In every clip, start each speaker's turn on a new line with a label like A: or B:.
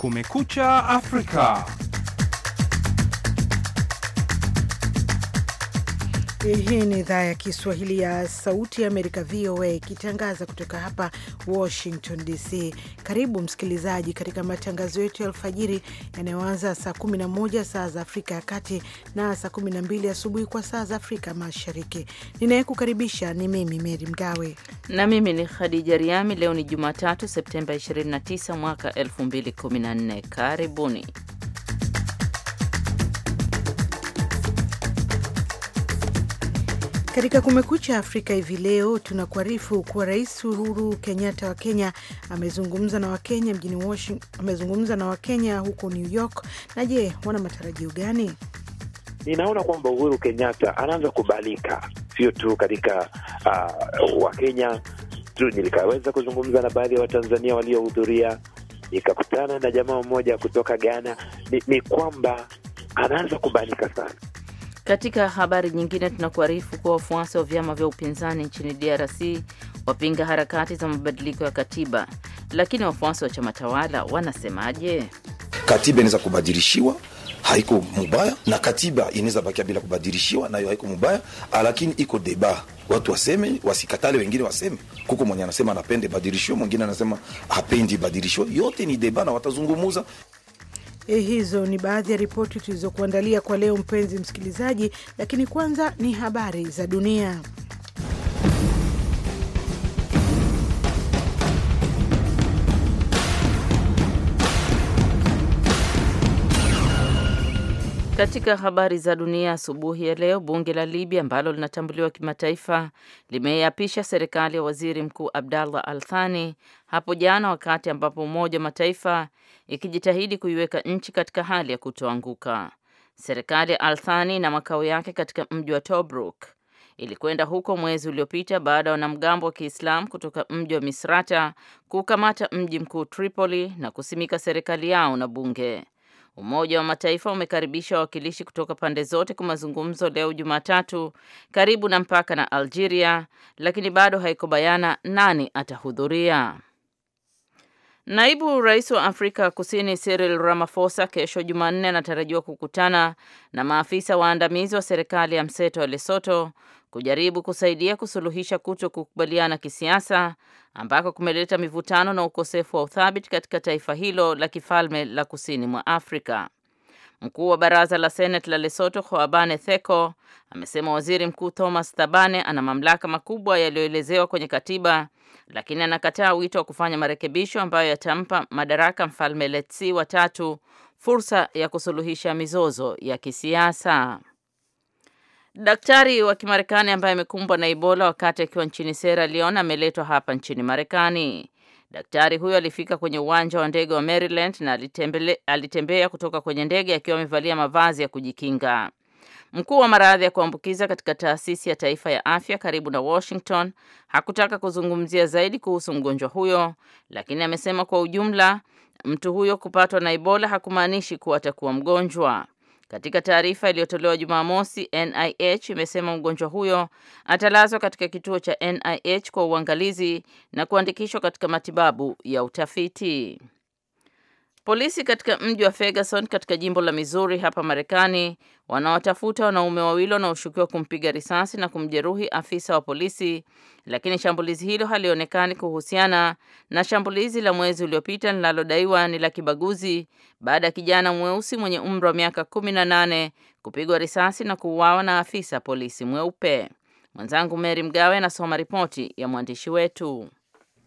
A: Kumekucha Afrika.
B: Hii ni idhaa ya Kiswahili ya Sauti ya Amerika, VOA, ikitangaza kutoka hapa Washington DC. Karibu msikilizaji katika matangazo yetu ya alfajiri yanayoanza saa 11 saa za Afrika ya Kati na saa 12 asubuhi kwa saa za Afrika Mashariki. Ninayekukaribisha ni mimi Meri Mgawe
C: na mimi ni Khadija Riami. Leo ni Jumatatu, Septemba 29 mwaka 2014. Karibuni.
B: Katika Kumekucha Afrika hivi leo tunakuarifu kuwa Rais Uhuru Kenyatta wa Kenya amezungumza na Wakenya mjini Washington, amezungumza na Wakenya huko New York. Na je, wana matarajio gani?
D: Ninaona kwamba Uhuru Kenyatta anaanza kubalika, sio tu katika uh, ah, Wakenya tu. Nilikaweza kuzungumza na baadhi ya Watanzania waliohudhuria, nikakutana na jamaa mmoja kutoka Ghana. Ni, ni kwamba anaanza kubalika sana.
C: Katika habari nyingine, tunakuarifu kuwa wafuasi wa vyama vya upinzani nchini DRC wapinga harakati za mabadiliko ya katiba, lakini wafuasi wa chama tawala wanasemaje?
E: Katiba inaweza kubadilishiwa haiko mubaya, na katiba inaweza bakia bila kubadilishiwa, nayo haiko mubaya, lakini iko deba watu waseme, wasikatale. Wengine waseme kuko mwenye anasema anapende badilishiwe, mwingine anasema hapendi badilishiwe. Yote ni deba na watazungumuza
B: Eh, hizo ni baadhi ya ripoti tulizokuandalia kwa leo, mpenzi msikilizaji, lakini kwanza ni habari za dunia.
C: Katika habari za dunia asubuhi ya leo, bunge la Libya ambalo linatambuliwa kimataifa limeiapisha serikali ya waziri mkuu Abdallah Al Thani hapo jana, wakati ambapo Umoja wa Mataifa ikijitahidi kuiweka nchi katika hali ya kutoanguka. Serikali ya Althani na makao yake katika mji wa Tobruk ilikwenda huko mwezi uliopita baada ya wanamgambo wa Kiislamu kutoka mji wa Misrata kukamata mji mkuu Tripoli na kusimika serikali yao na bunge. Umoja wa Mataifa umekaribisha wawakilishi kutoka pande zote kwa mazungumzo leo Jumatatu karibu na mpaka na Algeria, lakini bado haiko bayana nani atahudhuria. Naibu Rais wa Afrika Kusini Cyril Ramaphosa kesho Jumanne anatarajiwa kukutana na maafisa waandamizi wa serikali ya mseto wa Lesotho kujaribu kusaidia kusuluhisha kuto kukubaliana kisiasa ambako kumeleta mivutano na ukosefu wa uthabiti katika taifa hilo la kifalme la kusini mwa Afrika. Mkuu wa baraza la Senate la Lesotho Kgoabane Theko amesema waziri mkuu Thomas Thabane ana mamlaka makubwa yaliyoelezewa kwenye katiba, lakini anakataa wito wa kufanya marekebisho ambayo yatampa madaraka mfalme letsi wa tatu fursa ya kusuluhisha mizozo ya kisiasa. Daktari wa Kimarekani ambaye amekumbwa na Ebola wakati akiwa nchini Sierra Leone ameletwa hapa nchini Marekani. Daktari huyo alifika kwenye uwanja wa ndege wa Maryland na alitembele, alitembea kutoka kwenye ndege akiwa amevalia mavazi ya kujikinga. Mkuu wa maradhi ya kuambukiza katika taasisi ya taifa ya afya karibu na Washington hakutaka kuzungumzia zaidi kuhusu mgonjwa huyo, lakini amesema kwa ujumla, mtu huyo kupatwa na Ebola hakumaanishi kuwa atakuwa mgonjwa. Katika taarifa iliyotolewa Jumamosi, NIH imesema mgonjwa huyo atalazwa katika kituo cha NIH kwa uangalizi na kuandikishwa katika matibabu ya utafiti. Polisi katika mji wa Ferguson katika jimbo la Missouri hapa Marekani wanawatafuta wanaume wawili wanaoshukiwa kumpiga risasi na kumjeruhi afisa wa polisi, lakini shambulizi hilo halionekani kuhusiana na shambulizi la mwezi uliopita linalodaiwa ni la kibaguzi baada ya kijana mweusi mwenye umri wa miaka 18 nane kupigwa risasi na kuuawa na afisa polisi mweupe. Mwenzangu Mary Mgawe anasoma ripoti ya mwandishi wetu.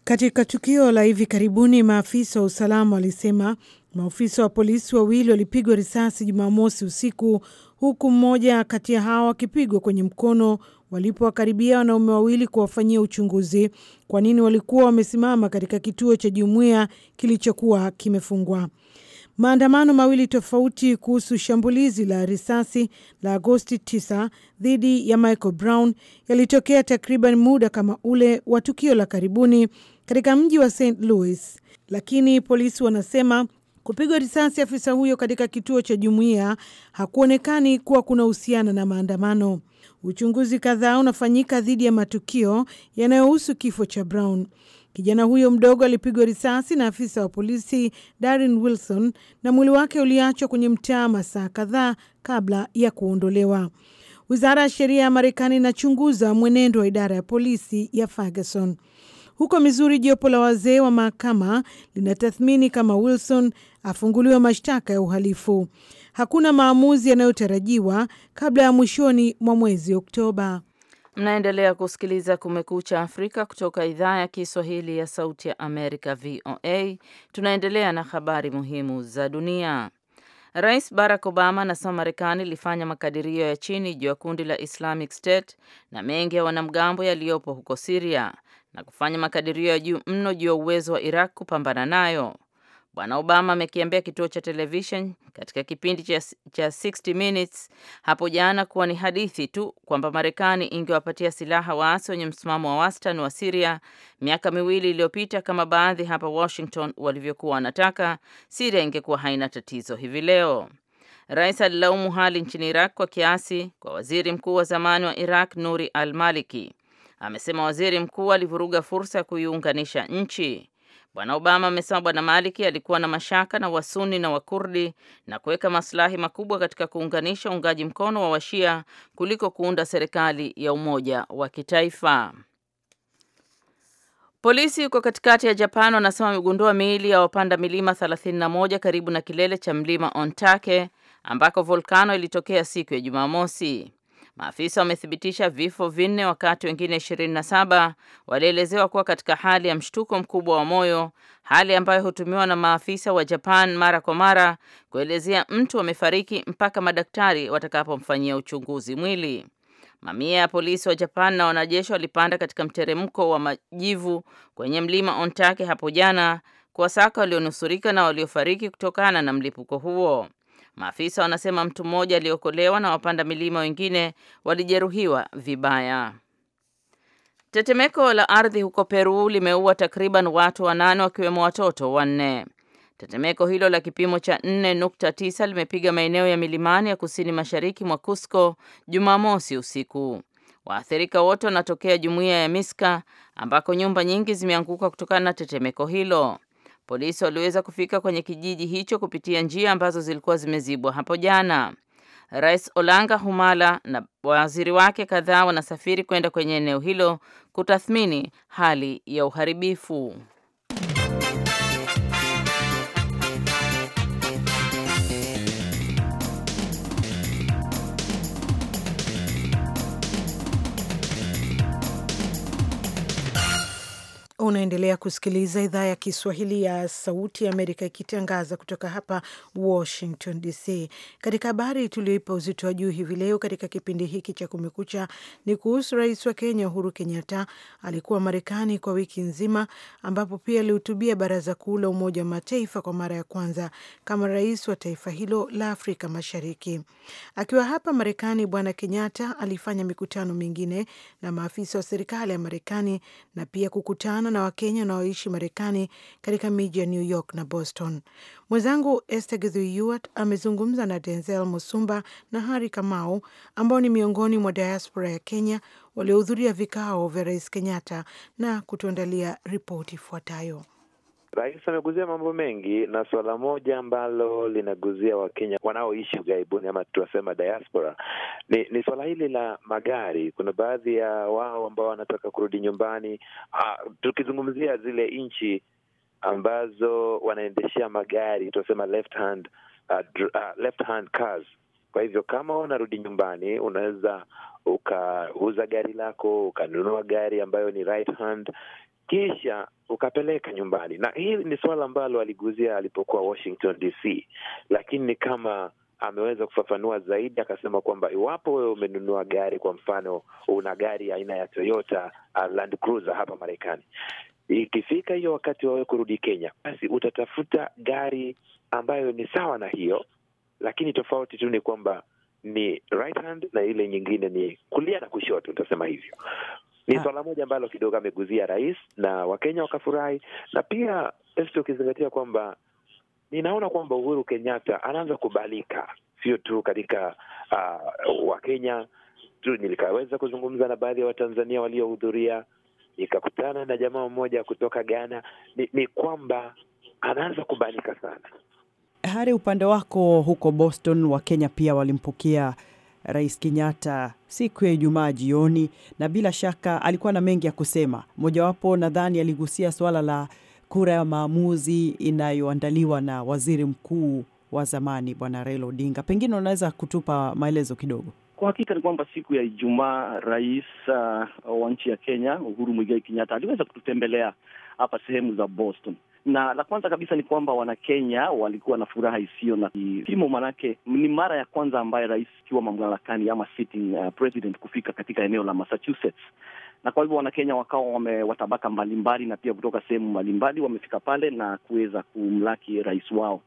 B: Katika tukio la hivi karibuni, maafisa wa usalama walisema maafisa wa polisi wawili walipigwa risasi Jumamosi usiku, huku mmoja kati ya hao akipigwa kwenye mkono walipowakaribia wanaume wawili kuwafanyia uchunguzi kwa nini walikuwa wamesimama katika kituo cha jumuiya kilichokuwa kimefungwa. Maandamano mawili tofauti kuhusu shambulizi la risasi la Agosti 9 dhidi ya Michael Brown yalitokea takriban muda kama ule wa tukio la karibuni katika mji wa St. Louis, lakini polisi wanasema kupigwa risasi afisa huyo katika kituo cha jumuiya hakuonekani kuwa kuna uhusiana na maandamano. Uchunguzi kadhaa unafanyika dhidi ya matukio yanayohusu kifo cha Brown. Kijana huyo mdogo alipigwa risasi na afisa wa polisi Darren Wilson na mwili wake uliachwa kwenye mtaa masaa kadhaa kabla ya kuondolewa. Wizara ya sheria ya Marekani inachunguza mwenendo wa idara ya polisi ya Ferguson. Huko Mizuri, jopo la wazee wa mahakama linatathmini kama Wilson afunguliwe mashtaka ya uhalifu. Hakuna maamuzi yanayotarajiwa kabla ya mwishoni mwa mwezi Oktoba.
C: Mnaendelea kusikiliza Kumekucha Afrika kutoka idhaa ya Kiswahili ya Sauti ya Amerika, VOA. Tunaendelea na habari muhimu za dunia. Rais Barack Obama anasema Marekani ilifanya makadirio ya chini juu ya kundi la Islamic State na mengi ya wanamgambo yaliyopo huko Siria na kufanya makadirio ya juu mno juu ya uwezo wa Iraq kupambana nayo. Bwana Obama amekiambia kituo cha television katika kipindi cha, cha 60 Minutes hapo jana kuwa ni hadithi tu kwamba Marekani ingewapatia silaha waasi wenye msimamo wa wastani wa Siria miaka miwili iliyopita, kama baadhi hapa Washington walivyokuwa wanataka, Siria ingekuwa haina tatizo hivi leo. Rais alilaumu hali nchini Iraq kwa kiasi kwa waziri mkuu wa zamani wa Iraq Nuri al-Maliki. Amesema waziri mkuu alivuruga fursa ya kuiunganisha nchi. Bwana Obama amesema Bwana Maliki alikuwa na mashaka na Wasuni na Wakurdi na kuweka masilahi makubwa katika kuunganisha uungaji mkono wa Washia kuliko kuunda serikali ya umoja wa kitaifa. Polisi huko katikati ya Japan wanasema wamegundua miili ya wapanda milima 31 karibu na kilele cha mlima Ontake ambako volkano ilitokea siku ya Jumamosi. Maafisa wamethibitisha vifo vinne wakati wengine 27 walielezewa kuwa katika hali ya mshtuko mkubwa wa moyo, hali ambayo hutumiwa na maafisa wa Japan mara kwa mara kuelezea mtu amefariki mpaka madaktari watakapomfanyia uchunguzi mwili. Mamia ya polisi wa Japan na wanajeshi walipanda katika mteremko wa majivu kwenye mlima Ontake hapo jana kuwasaka walionusurika na waliofariki kutokana na mlipuko huo. Maafisa wanasema mtu mmoja aliokolewa na wapanda milima wengine walijeruhiwa vibaya. Tetemeko la ardhi huko Peru limeua takriban watu wanane wakiwemo watoto wanne. Tetemeko hilo la kipimo cha 4.9 limepiga maeneo ya milimani ya kusini mashariki mwa Cusco Jumamosi usiku. Waathirika wote wanatokea jumuiya ya Miska ambako nyumba nyingi zimeanguka kutokana na tetemeko hilo. Polisi waliweza kufika kwenye kijiji hicho kupitia njia ambazo zilikuwa zimezibwa hapo jana. Rais Olanga Humala na waziri wake kadhaa wanasafiri kwenda kwenye eneo hilo kutathmini hali ya uharibifu.
B: Unaendelea kusikiliza idhaa ya Kiswahili ya Sauti ya Amerika ikitangaza kutoka hapa Washington DC. Katika habari tulioipa uzito wa juu hivi leo katika kipindi hiki cha Kumekucha ni kuhusu rais wa Kenya Uhuru Kenyatta. Alikuwa Marekani kwa wiki nzima, ambapo pia alihutubia Baraza Kuu la Umoja wa Mataifa kwa mara ya kwanza kama rais wa taifa hilo la Afrika Mashariki. Akiwa hapa Marekani, Bwana Kenyatta alifanya mikutano mingine na maafisa wa serikali ya Marekani na pia kukutana na Wakenya wanaoishi Marekani katika miji ya New York na Boston. Mwenzangu Esther githui amezungumza na Denzel Musumba na Hari Kamau ambao ni miongoni mwa diaspora ya Kenya waliohudhuria vikao vya Rais Kenyatta na kutuandalia ripoti ifuatayo.
D: Rais ameguzia mambo mengi, na suala moja ambalo linaguzia Wakenya wanaoishi ughaibuni ama tunasema diaspora ni, ni suala hili la magari. Kuna baadhi ya wao ambao wanataka kurudi nyumbani, uh, tukizungumzia zile nchi ambazo wanaendeshea magari tunasema left hand, uh, uh, left hand cars. Kwa hivyo kama unarudi nyumbani unaweza ukauza gari lako ukanunua gari ambayo ni right hand kisha ukapeleka nyumbani. Na hili ni suala ambalo aliguzia alipokuwa Washington DC, lakini ni kama ameweza kufafanua zaidi, akasema kwamba iwapo wewe umenunua gari, kwa mfano una gari aina ya Toyota uh, Land Cruiser hapa Marekani, ikifika hiyo wakati wawe kurudi Kenya, basi utatafuta gari ambayo ni sawa na hiyo, lakini tofauti tu ni kwamba ni right hand na ile nyingine ni kulia na kushoto, utasema hivyo. Ni ah. swala moja ambalo kidogo ameguzia rais na Wakenya wakafurahi, na pia ukizingatia kwamba ninaona kwamba Uhuru Kenyatta anaanza kubalika, sio tu katika uh, ah, Wakenya tu. Nilikaweza kuzungumza na baadhi ya Watanzania waliohudhuria, nikakutana na jamaa mmoja kutoka Ghana. Ni, ni kwamba anaanza kubalika sana.
B: hari upande wako huko Boston, Wakenya pia walimpokea Rais Kenyatta siku ya Ijumaa jioni, na bila shaka alikuwa na mengi ya kusema. Mojawapo nadhani aligusia suala la kura ya maamuzi inayoandaliwa na waziri mkuu wa zamani Bwana Raila Odinga. Pengine unaweza kutupa maelezo kidogo?
F: Kwa hakika ni kwamba siku ya Ijumaa rais uh, wa nchi ya Kenya Uhuru Muigai Kenyatta aliweza kututembelea hapa sehemu za Boston na la kwanza kabisa ni kwamba Wanakenya walikuwa na furaha isiyo na kipimo, manake ni mara ya kwanza ambaye rais akiwa mamlakani ama sitting uh, president kufika katika eneo la Massachusetts na kwa hivyo Wanakenya wakawa wamewatabaka mbalimbali na pia kutoka sehemu mbalimbali wamefika pale na kuweza kumlaki rais wao,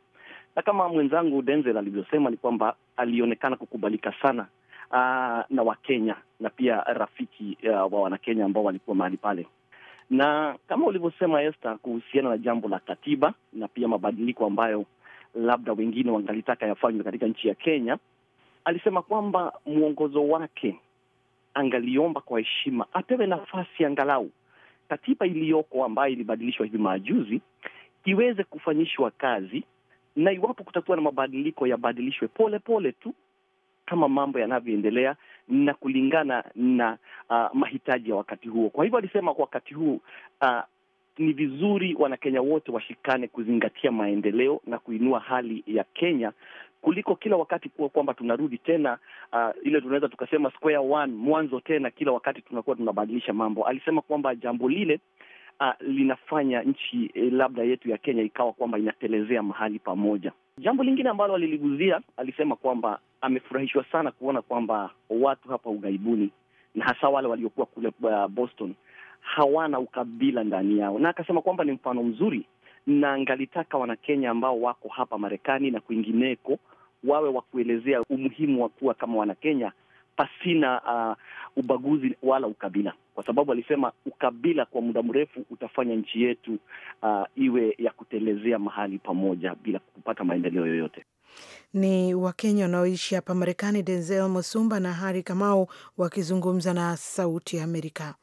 F: na kama mwenzangu Denzel alivyosema ni kwamba alionekana kukubalika sana aa, uh, na Wakenya na pia rafiki uh, wa Wanakenya ambao walikuwa mahali pale na kama ulivyosema Esther, kuhusiana na jambo la katiba na pia mabadiliko ambayo labda wengine wangalitaka yafanywe katika nchi ya Kenya, alisema kwamba mwongozo wake angaliomba kwa heshima apewe nafasi angalau katiba iliyoko ambayo ilibadilishwa hivi majuzi iweze kufanyishwa kazi, na iwapo kutakuwa na mabadiliko yabadilishwe polepole tu kama mambo yanavyoendelea, na kulingana na uh, mahitaji ya wakati huo. Kwa hivyo alisema kwa wakati huu uh, ni vizuri Wanakenya wote washikane kuzingatia maendeleo na kuinua hali ya Kenya kuliko kila wakati kuwa kwamba tunarudi tena uh, ile tunaweza tukasema square one, mwanzo tena, kila wakati tunakuwa tunabadilisha mambo. Alisema kwamba jambo lile uh, linafanya nchi eh, labda yetu ya Kenya ikawa kwamba inatelezea mahali pamoja. Jambo lingine ambalo aliliguzia, alisema kwamba amefurahishwa sana kuona kwamba watu hapa ughaibuni na hasa wale waliokuwa kule uh, Boston hawana ukabila ndani yao, na akasema kwamba ni mfano mzuri na angalitaka Wanakenya ambao wako hapa Marekani na kwingineko wawe wa kuelezea umuhimu wa kuwa kama Wanakenya pasina uh, ubaguzi wala ukabila, kwa sababu alisema ukabila kwa muda mrefu utafanya nchi yetu uh, iwe ya kutelezea mahali pamoja bila kupata maendeleo yoyote.
B: Ni Wakenya wanaoishi hapa Marekani, Denzel Musumba na Hari Kamau wakizungumza na Sauti ya Amerika.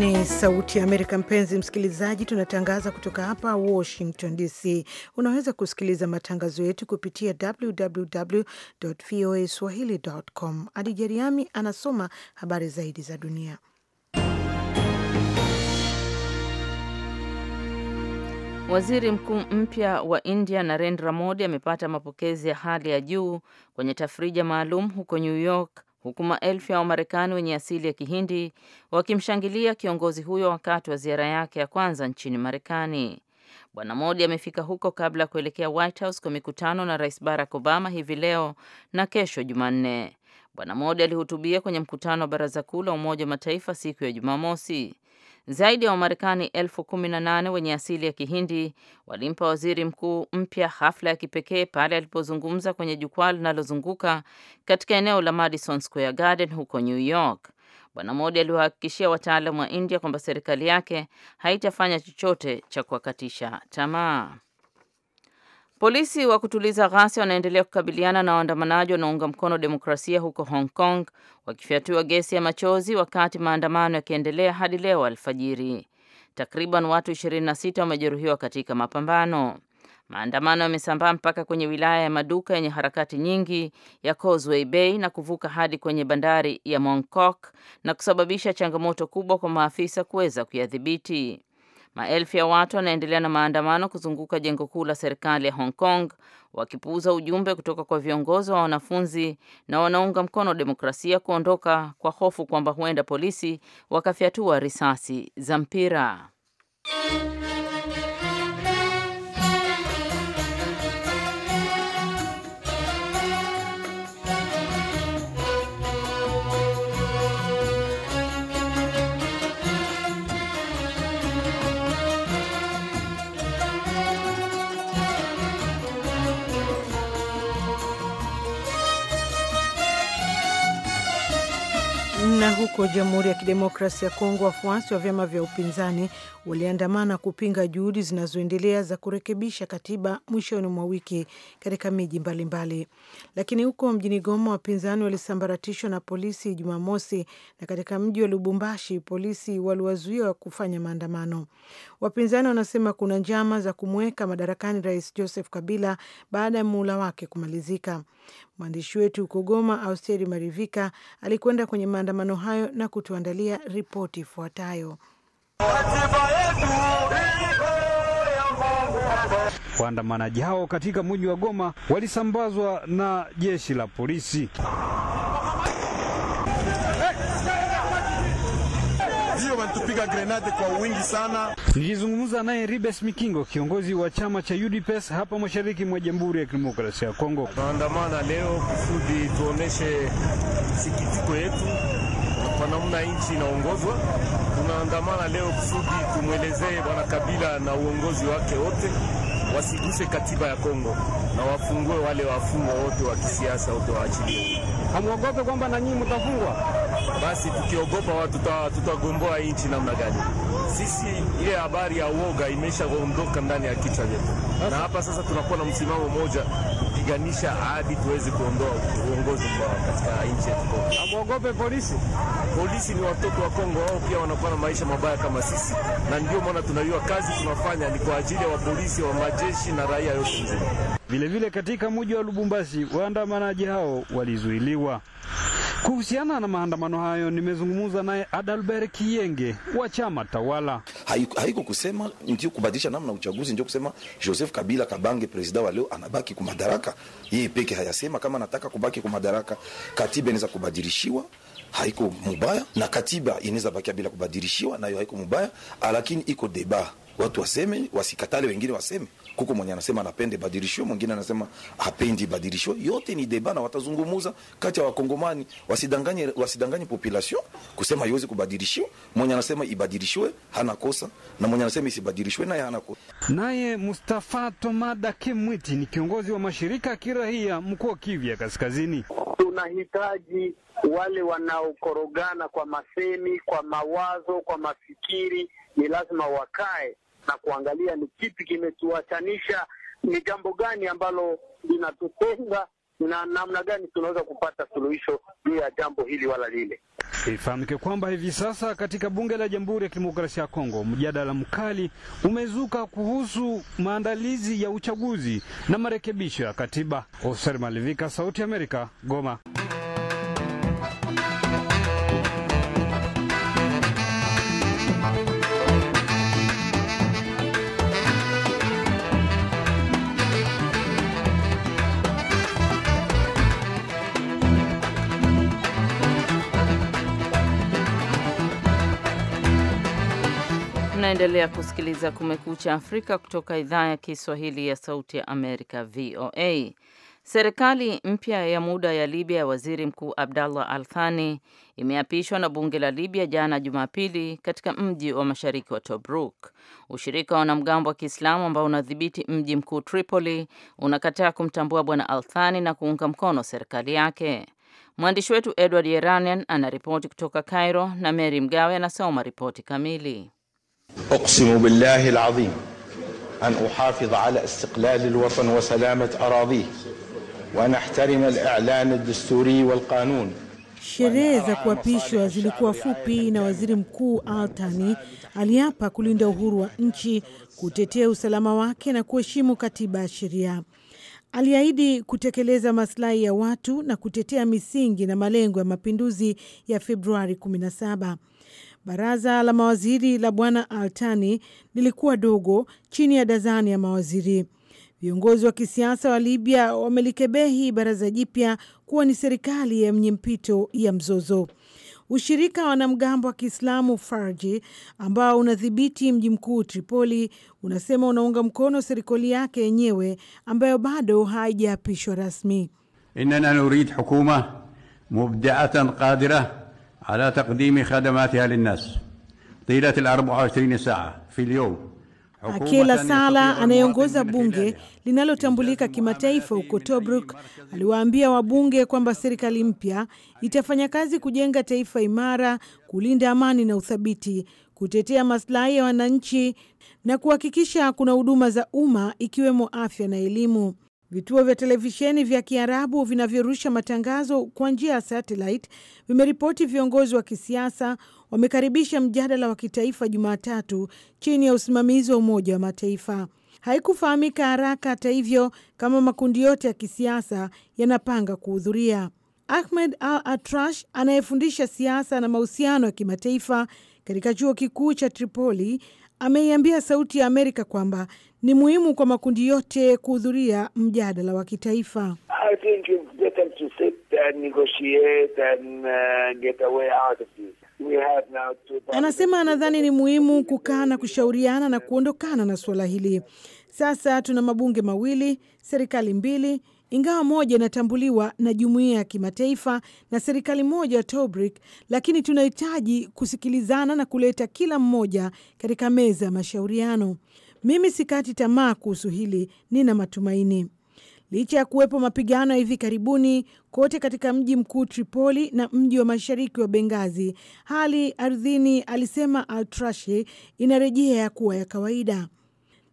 B: ni Sauti ya Amerika. Mpenzi msikilizaji, tunatangaza kutoka hapa Washington DC. Unaweza kusikiliza matangazo yetu kupitia www voa swahili.com. Adi Jeriami anasoma habari zaidi za dunia.
C: Waziri mkuu mpya wa India Narendra Modi amepata mapokezi ya hali ya juu kwenye tafrija maalum huko New York huku maelfu ya Wamarekani wenye asili ya Kihindi wakimshangilia kiongozi huyo wakati wa ziara yake ya kwanza nchini Marekani. Bwana Modi amefika huko kabla ya kuelekea White House kwa mikutano na Rais Barack Obama hivi leo na kesho Jumanne. Bwana Modi alihutubia kwenye mkutano wa Baraza Kuu la Umoja wa Mataifa siku ya Jumamosi. Zaidi ya Wamarekani elfu kumi na nane wenye asili ya Kihindi walimpa waziri mkuu mpya hafla ya kipekee pale alipozungumza kwenye jukwaa linalozunguka katika eneo la Madison Square Garden huko New York. Bwana Modi aliwahakikishia wataalamu wa India kwamba serikali yake haitafanya chochote cha kuwakatisha tamaa. Polisi wa kutuliza ghasia wanaendelea kukabiliana na waandamanaji wanaunga mkono demokrasia huko Hong Kong wakifyatua gesi ya machozi wakati maandamano yakiendelea hadi leo alfajiri. Takriban watu 26 wamejeruhiwa katika mapambano. Maandamano yamesambaa mpaka kwenye wilaya ya maduka yenye harakati nyingi ya Causeway Bay na kuvuka hadi kwenye bandari ya Mong Kok na kusababisha changamoto kubwa kwa maafisa kuweza kuyadhibiti. Maelfu ya watu wanaendelea na maandamano kuzunguka jengo kuu la serikali ya Hong Kong wakipuuza ujumbe kutoka kwa viongozi wa wanafunzi na wanaunga mkono demokrasia kuondoka kwa hofu kwamba huenda polisi wakafyatua risasi za mpira.
B: Na huko Jamhuri ya Kidemokrasia ya Kongo, wafuasi wa vyama vya upinzani waliandamana kupinga juhudi zinazoendelea za kurekebisha katiba mwishoni mwa wiki katika miji mbalimbali. Lakini huko mjini Goma, wapinzani walisambaratishwa na polisi Jumamosi, na katika mji wa Lubumbashi polisi waliwazuia kufanya maandamano. Wapinzani wanasema kuna njama za kumweka madarakani Rais Joseph Kabila baada ya muhula wake kumalizika. Mwandishi wetu huko Goma, Austeri Marivika, alikwenda kwenye maandamano hayo na kutuandalia ripoti ifuatayo.
A: Waandamanaji hao katika mji wa Goma walisambazwa na jeshi la polisi.
E: wanapiga grenade kwa wingi sana.
A: Nikizungumza naye Ribes Mikingo, kiongozi wa chama cha UDPS hapa mashariki mwa Jamhuri ya Kidemokrasia ya Kongo,
F: tunaandamana leo kusudi tuoneshe sikitiko yetu kwa namna nchi inaongozwa. Tunaandamana leo kusudi tumwelezee Bwana Kabila na uongozi wake wote wasiguse katiba ya Kongo na wafungue wale wafungwa wote wa kisiasa, wote waachilie. Hamuogope kwamba na nyinyi mtafungwa? basi tukiogopa watu tutagomboa nchi namna gani? Sisi ile habari ya uoga imeshaondoka ndani ya kichwa chetu, na hapa sasa tunakuwa na msimamo mmoja kupiganisha hadi tuweze kuondoa uongozi mbaya katika nchi yetu. Amuogope polisi. Polisi ni watoto wa Kongo, wao pia wanakuwa na maisha mabaya kama sisi, na ndio maana tunajua kazi tunafanya ni kwa ajili ya wa wapolisi wa majeshi na raia yote nzima.
A: Vilevile katika mji wa Lubumbashi waandamanaji hao walizuiliwa. Kuhusiana na maandamano hayo, nimezungumza naye Adalbert Kiyenge
E: wa chama tawala. Haiko kusema ndio kubadilisha namna uchaguzi, ndio kusema Joseph Kabila Kabange presida wa leo anabaki kumadaraka yeye peke. Hayasema kama anataka kubaki kumadaraka, katiba inaweza kubadilishiwa haiko mubaya, na katiba inaweza bakia bila kubadilishiwa, nayo haiko mubaya, lakini iko deba, watu waseme, wasikatale, wengine waseme kuko mwenye anasema anapende badilisho, mwingine anasema hapendi badilisho. Yote ni deba na watazungumuza kati ya wakongomani, wasidanganye, wasidanganye population kusema iweze kubadilishiwa Mwenye anasema ibadilishwe hana kosa na mwenye anasema isibadilishwe naye hana kosa.
A: Naye Mustafa Tomada Kimwiti ni kiongozi wa mashirika ya mkoa Kivya Kaskazini.
F: Tunahitaji wale wanaokorogana kwa masemi, kwa mawazo, kwa mafikiri, ni lazima wakae na kuangalia ni kipi kimetuachanisha, ni jambo gani ambalo linatutenga na namna gani tunaweza kupata suluhisho juu ya jambo hili wala lile.
A: Ifahamike kwamba hivi sasa katika bunge la Jamhuri ya Kidemokrasia ya Kongo mjadala mkali umezuka kuhusu maandalizi ya uchaguzi na marekebisho ya katiba. Oser Malivika, Sauti ya Amerika, Goma.
C: Unaendelea kusikiliza Kumekucha Afrika kutoka idhaa ya Kiswahili ya Sauti ya Amerika, VOA. Serikali mpya ya muda ya Libya ya waziri mkuu Abdallah Al Thani imeapishwa na bunge la Libya jana Jumapili katika mji wa mashariki wa Tobruk. Ushirika wa wanamgambo wa Kiislamu ambao unadhibiti mji mkuu Tripoli unakataa kumtambua bwana Al Thani na kuunga mkono serikali yake. Mwandishi wetu Edward Yeranian anaripoti kutoka Cairo na Mary Mgawe anasoma ripoti kamili.
G: أقسم بالله العظيم أن أحافظ على استقلال الوطن وسلامة أراضيه وأن أحترم الإعلان الدستوري والقانون
B: Sherehe za kuapishwa zilikuwa fupi na waziri mkuu Altani aliapa kulinda uhuru wa nchi, kutetea usalama wake na kuheshimu katiba ya sheria. Aliahidi kutekeleza masilahi ya watu na kutetea misingi na malengo ya mapinduzi ya Februari Baraza la mawaziri la bwana Altani lilikuwa dogo, chini ya dazani ya mawaziri. Viongozi wa kisiasa wa Libya wamelikebehi baraza jipya kuwa ni serikali yenye mpito ya mzozo. Ushirika wa wanamgambo wa Kiislamu Farji ambao unadhibiti mji mkuu Tripoli unasema unaunga mkono serikali yake yenyewe ambayo bado haijaapishwa rasmi.
G: innana nurid hukuma mubdaatan qadira على تقديم خدماتها للناس طيلة الأربع وعشرين ساعة في اليوم Akila
B: Sala anayeongoza bunge linalotambulika kimataifa huko Tobruk aliwaambia wabunge kwamba serikali mpya itafanya kazi kujenga taifa imara, kulinda amani na uthabiti, kutetea maslahi ya wananchi na kuhakikisha kuna huduma za umma ikiwemo afya na elimu. Vituo vya televisheni vya Kiarabu vinavyorusha matangazo kwa njia ya satelit vimeripoti viongozi wa kisiasa wamekaribisha mjadala wa kitaifa Jumatatu chini ya usimamizi wa Umoja wa Mataifa. Haikufahamika haraka hata hivyo kama makundi yote ya kisiasa yanapanga kuhudhuria. Ahmed Al Atrash anayefundisha siasa na mahusiano ya kimataifa katika chuo kikuu cha Tripoli ameiambia Sauti ya Amerika kwamba ni muhimu kwa makundi yote kuhudhuria mjadala wa kitaifa.
F: Uh,
D: Anasema
B: anadhani ni muhimu kukaa na kushauriana na kuondokana na suala hili. Sasa tuna mabunge mawili, serikali mbili ingawa moja inatambuliwa na jumuiya ya kimataifa na serikali moja ya Tobruk, lakini tunahitaji kusikilizana na kuleta kila mmoja katika meza ya mashauriano. Mimi sikati tamaa kuhusu hili, nina matumaini licha ya kuwepo mapigano ya hivi karibuni kote katika mji mkuu Tripoli na mji wa mashariki wa Bengazi, hali ardhini, alisema Altrashi, inarejea kuwa ya kawaida.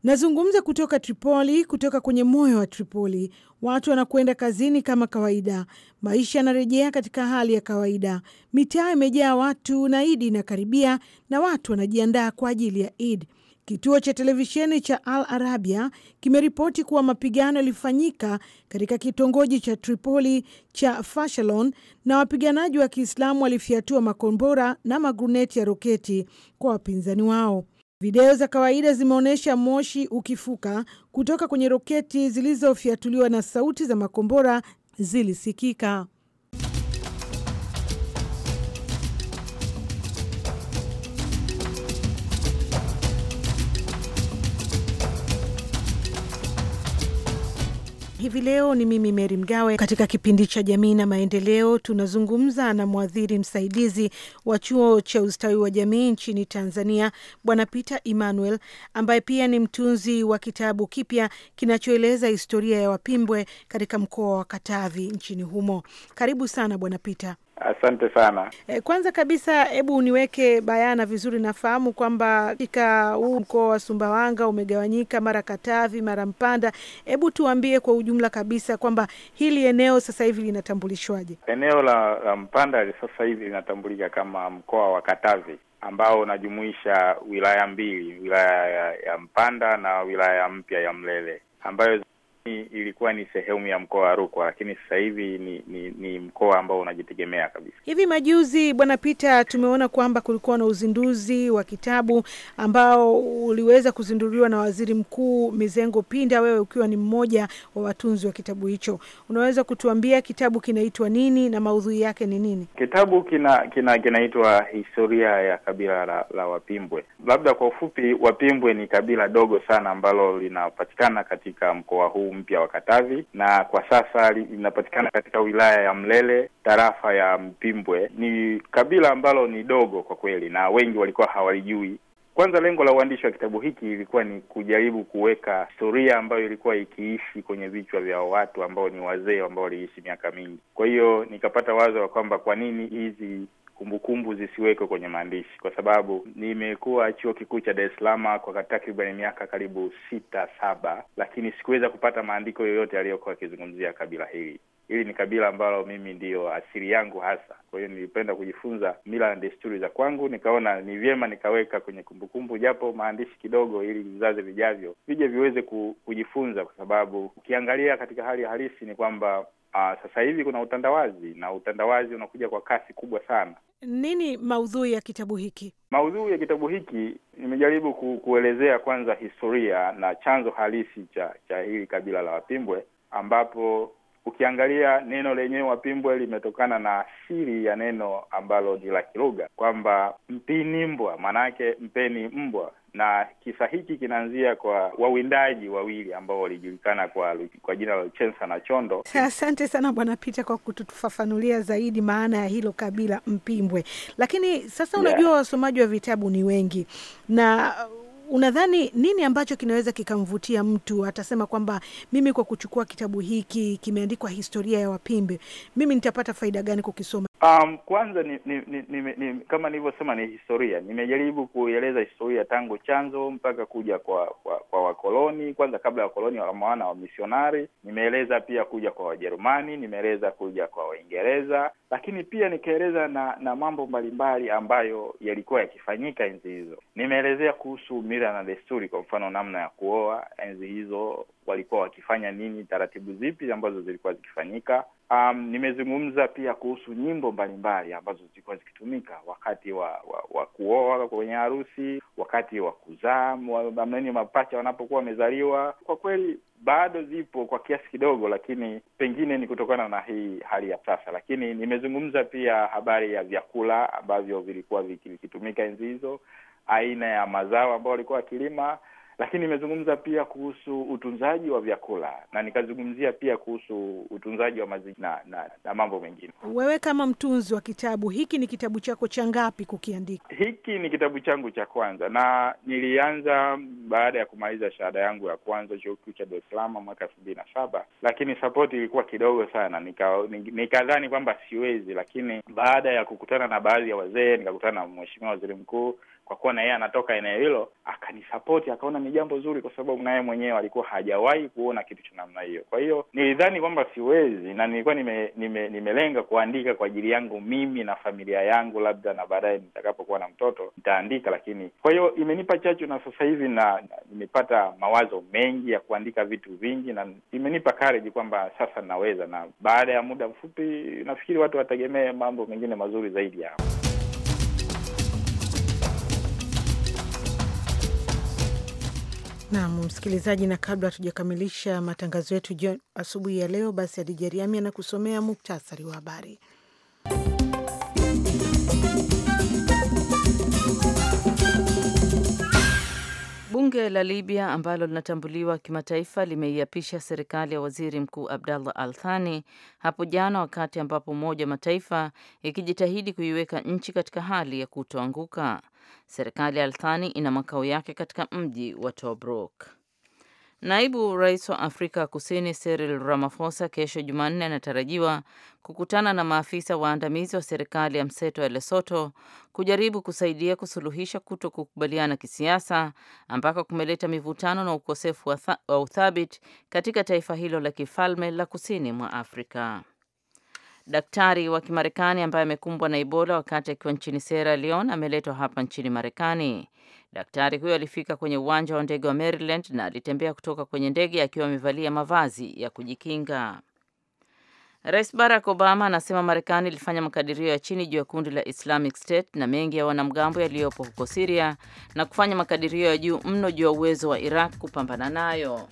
B: Nazungumza kutoka Tripoli, kutoka kwenye moyo wa Tripoli, Watu wanakwenda kazini kama kawaida, maisha yanarejea katika hali ya kawaida. Mitaa imejaa watu na Idi inakaribia na watu wanajiandaa kwa ajili ya Id. Kituo cha televisheni cha Al Arabia kimeripoti kuwa mapigano yalifanyika katika kitongoji cha Tripoli cha Fashelon na wapiganaji wa Kiislamu walifyatua makombora na maguruneti ya roketi kwa wapinzani wao. Video za kawaida zimeonyesha moshi ukifuka kutoka kwenye roketi zilizofyatuliwa na sauti za makombora zilisikika. Hivi leo ni mimi Meri Mgawe. Katika kipindi cha Jamii na Maendeleo tunazungumza na mwadhiri msaidizi wa Chuo cha Ustawi wa Jamii nchini Tanzania, Bwana Peter Emmanuel, ambaye pia ni mtunzi wa kitabu kipya kinachoeleza historia ya Wapimbwe katika mkoa wa Katavi nchini humo. Karibu sana Bwana Peter.
G: Asante sana.
B: Eh, kwanza kabisa, hebu uniweke bayana vizuri. Nafahamu kwamba katika huu mkoa wa Sumbawanga umegawanyika mara Katavi, mara Mpanda. Hebu tuambie kwa ujumla kabisa kwamba hili eneo sasa hivi linatambulishwaje?
G: Eneo la, la Mpanda sasa hivi linatambulika kama mkoa wa Katavi ambao unajumuisha wilaya mbili, wilaya ya Mpanda na wilaya mpya ya Mlele ambayo ilikuwa ni sehemu ya mkoa wa Rukwa, lakini sasa hivi ni, ni, ni mkoa ambao unajitegemea kabisa.
B: Hivi majuzi, Bwana Peter, tumeona kwamba kulikuwa na uzinduzi wa kitabu ambao uliweza kuzinduliwa na Waziri Mkuu Mizengo Pinda, wewe ukiwa ni mmoja wa watunzi wa kitabu hicho. Unaweza kutuambia kitabu kinaitwa nini na maudhui yake ni nini?
G: Kitabu kina kinaitwa kina historia ya kabila la, la Wapimbwe. Labda kwa ufupi, Wapimbwe ni kabila dogo sana ambalo linapatikana katika mkoa huu mpya wa Katavi, na kwa sasa linapatikana katika wilaya ya Mlele, tarafa ya Mpimbwe. Ni kabila ambalo ni dogo kwa kweli, na wengi walikuwa hawalijui. Kwanza lengo la uandishi wa kitabu hiki ilikuwa ni kujaribu kuweka historia ambayo ilikuwa ikiishi kwenye vichwa vya watu ambao ni wazee ambao waliishi miaka mingi. Kwa hiyo nikapata wazo wa kwamba kwa nini hizi kumbukumbu zisiwekwe kwenye maandishi, kwa sababu nimekuwa chuo kikuu cha Dar es Salaam kwa takriban miaka karibu sita saba, lakini sikuweza kupata maandiko yoyote yaliyokuwa akizungumzia kabila hili. Hili ni kabila ambalo mimi ndiyo asili yangu hasa. Kwa hiyo nilipenda kujifunza mila na desturi za kwangu, nikaona ni vyema nikaweka kwenye kumbukumbu japo maandishi kidogo, ili vizazi vijavyo vije viweze kujifunza, kwa sababu ukiangalia katika hali halisi ni kwamba Uh, sasa hivi kuna utandawazi na utandawazi unakuja kwa kasi kubwa sana.
B: Nini maudhui ya kitabu hiki? Maudhui ya kitabu
G: hiki nimejaribu ku, kuelezea kwanza historia na chanzo halisi cha cha hili kabila la Wapimbwe, ambapo ukiangalia neno lenyewe Wapimbwe limetokana na asili ya neno ambalo ni la Kilugha kwamba mpini mbwa, maanake mpeni mbwa na kisa hiki kinaanzia kwa wawindaji wawili ambao walijulikana kwa, kwa jina la Chensa na Chondo.
B: Asante sana Bwana Pita kwa kutufafanulia zaidi maana ya hilo kabila Mpimbwe. Lakini sasa unajua, yeah, wasomaji wa vitabu ni wengi na uh, unadhani nini ambacho kinaweza kikamvutia mtu atasema kwamba mimi kwa kuchukua kitabu hiki kimeandikwa historia ya Wapimbe, mimi nitapata faida gani kukisoma?
G: Um, kwanza ni, ni, ni, ni, ni kama nilivyosema ni historia. Nimejaribu kueleza historia tangu chanzo mpaka kuja kwa kwa, kwa wakoloni, kwanza kabla ya wakoloni wa maana wa misionari. Nimeeleza pia kuja kwa Wajerumani, nimeeleza kuja kwa Waingereza, lakini pia nikaeleza na na mambo mbalimbali ambayo yalikuwa yakifanyika enzi hizo. Nimeelezea kuhusu mila na desturi, kwa mfano namna ya kuoa enzi hizo, walikuwa wakifanya nini, taratibu zipi ambazo zilikuwa zikifanyika. Um, nimezungumza pia kuhusu nyimbo mbalimbali ambazo zilikuwa zikitumika wakati wa, wa, wa kuoa kwenye harusi, wakati wa kuzaa amnani mapacha wanapokuwa wamezaliwa. Kwa kweli bado zipo kwa kiasi kidogo, lakini pengine ni kutokana na hii hali ya sasa. Lakini nimezungumza pia habari ya vyakula ambavyo vilikuwa vikitumika enzi hizo, aina ya mazao ambayo walikuwa wakilima lakini nimezungumza pia kuhusu utunzaji wa vyakula na nikazungumzia pia kuhusu utunzaji wa mazingira na, na, na mambo mengine.
B: Wewe kama mtunzi wa kitabu hiki, ni kitabu chako cha ngapi kukiandika?
G: Hiki ni kitabu changu cha kwanza, na nilianza baada ya kumaliza shahada yangu ya kwanza chuo kikuu cha Dar es Salaam mwaka elfu mbili na saba, lakini sapoti ilikuwa kidogo sana. Nikadhani nika kwamba siwezi, lakini baada ya kukutana na baadhi ya wazee, nikakutana na mheshimiwa waziri mkuu kwa kuwa na yeye anatoka eneo hilo, akanisapoti, akaona ni jambo zuri, kwa sababu naye mwenyewe alikuwa hajawahi kuona kitu cha namna hiyo. Kwa hiyo nilidhani kwamba siwezi, na nilikuwa nime, nime, nimelenga kuandika kwa ajili yangu mimi na familia yangu, labda na baadaye nitakapokuwa na mtoto nitaandika. Lakini kwa hiyo imenipa chachu, na sasa hivi na nimepata mawazo mengi ya kuandika vitu vingi, na imenipa kareji kwamba sasa naweza, na baada ya muda mfupi nafikiri watu wategemee mambo mengine mazuri zaidi ya
B: Nam msikilizaji, na kabla hatujakamilisha matangazo yetu asubuhi ya leo, basi Adija Riami anakusomea muktasari wa habari.
C: Bunge la Libya ambalo linatambuliwa kimataifa limeiapisha serikali ya waziri mkuu Abdallah Al Thani hapo jana, wakati ambapo Umoja wa Mataifa ikijitahidi kuiweka nchi katika hali ya kutoanguka. Serikali ya Althani ina makao yake katika mji wa Tobruk. Naibu rais wa Afrika Kusini Cyril Ramaphosa kesho Jumanne anatarajiwa kukutana na maafisa waandamizi wa serikali ya mseto ya lesoto kujaribu kusaidia kusuluhisha kuto kukubaliana kisiasa ambako kumeleta mivutano na ukosefu wa uthabiti katika taifa hilo la kifalme la kusini mwa Afrika. Daktari wa Kimarekani ambaye amekumbwa na Ebola wakati akiwa nchini Sierra Leone ameletwa hapa nchini Marekani. Daktari huyo alifika kwenye uwanja wa ndege wa Maryland na alitembea kutoka kwenye ndege akiwa amevalia mavazi ya kujikinga. Rais Barack Obama anasema Marekani ilifanya makadirio ya chini juu ya kundi la Islamic State na mengi ya wanamgambo yaliyopo huko Siria na kufanya makadirio ya juu mno juu ya uwezo wa Iraq kupambana nayo.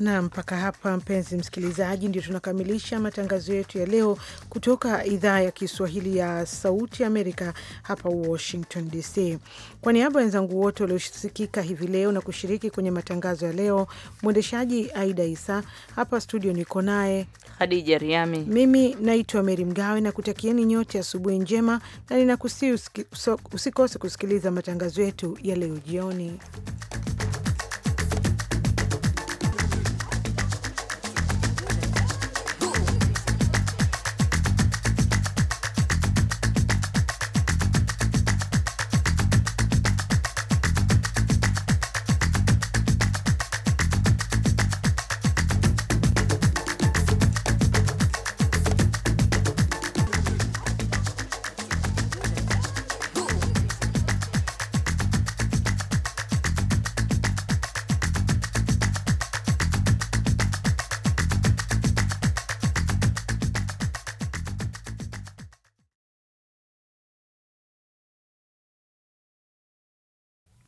B: Na mpaka hapa, mpenzi msikilizaji, ndio tunakamilisha matangazo yetu ya leo kutoka idhaa ya Kiswahili ya Sauti Amerika hapa Washington DC. Kwa niaba ya wenzangu wote waliosikika hivi leo na kushiriki kwenye matangazo ya leo, mwendeshaji Aida Isa hapa studio, niko naye
C: Hadija Riami,
B: mimi naitwa Meri Mgawe na kutakieni nyote asubuhi njema, na ninakusii usikose kusikiliza matangazo yetu ya leo jioni.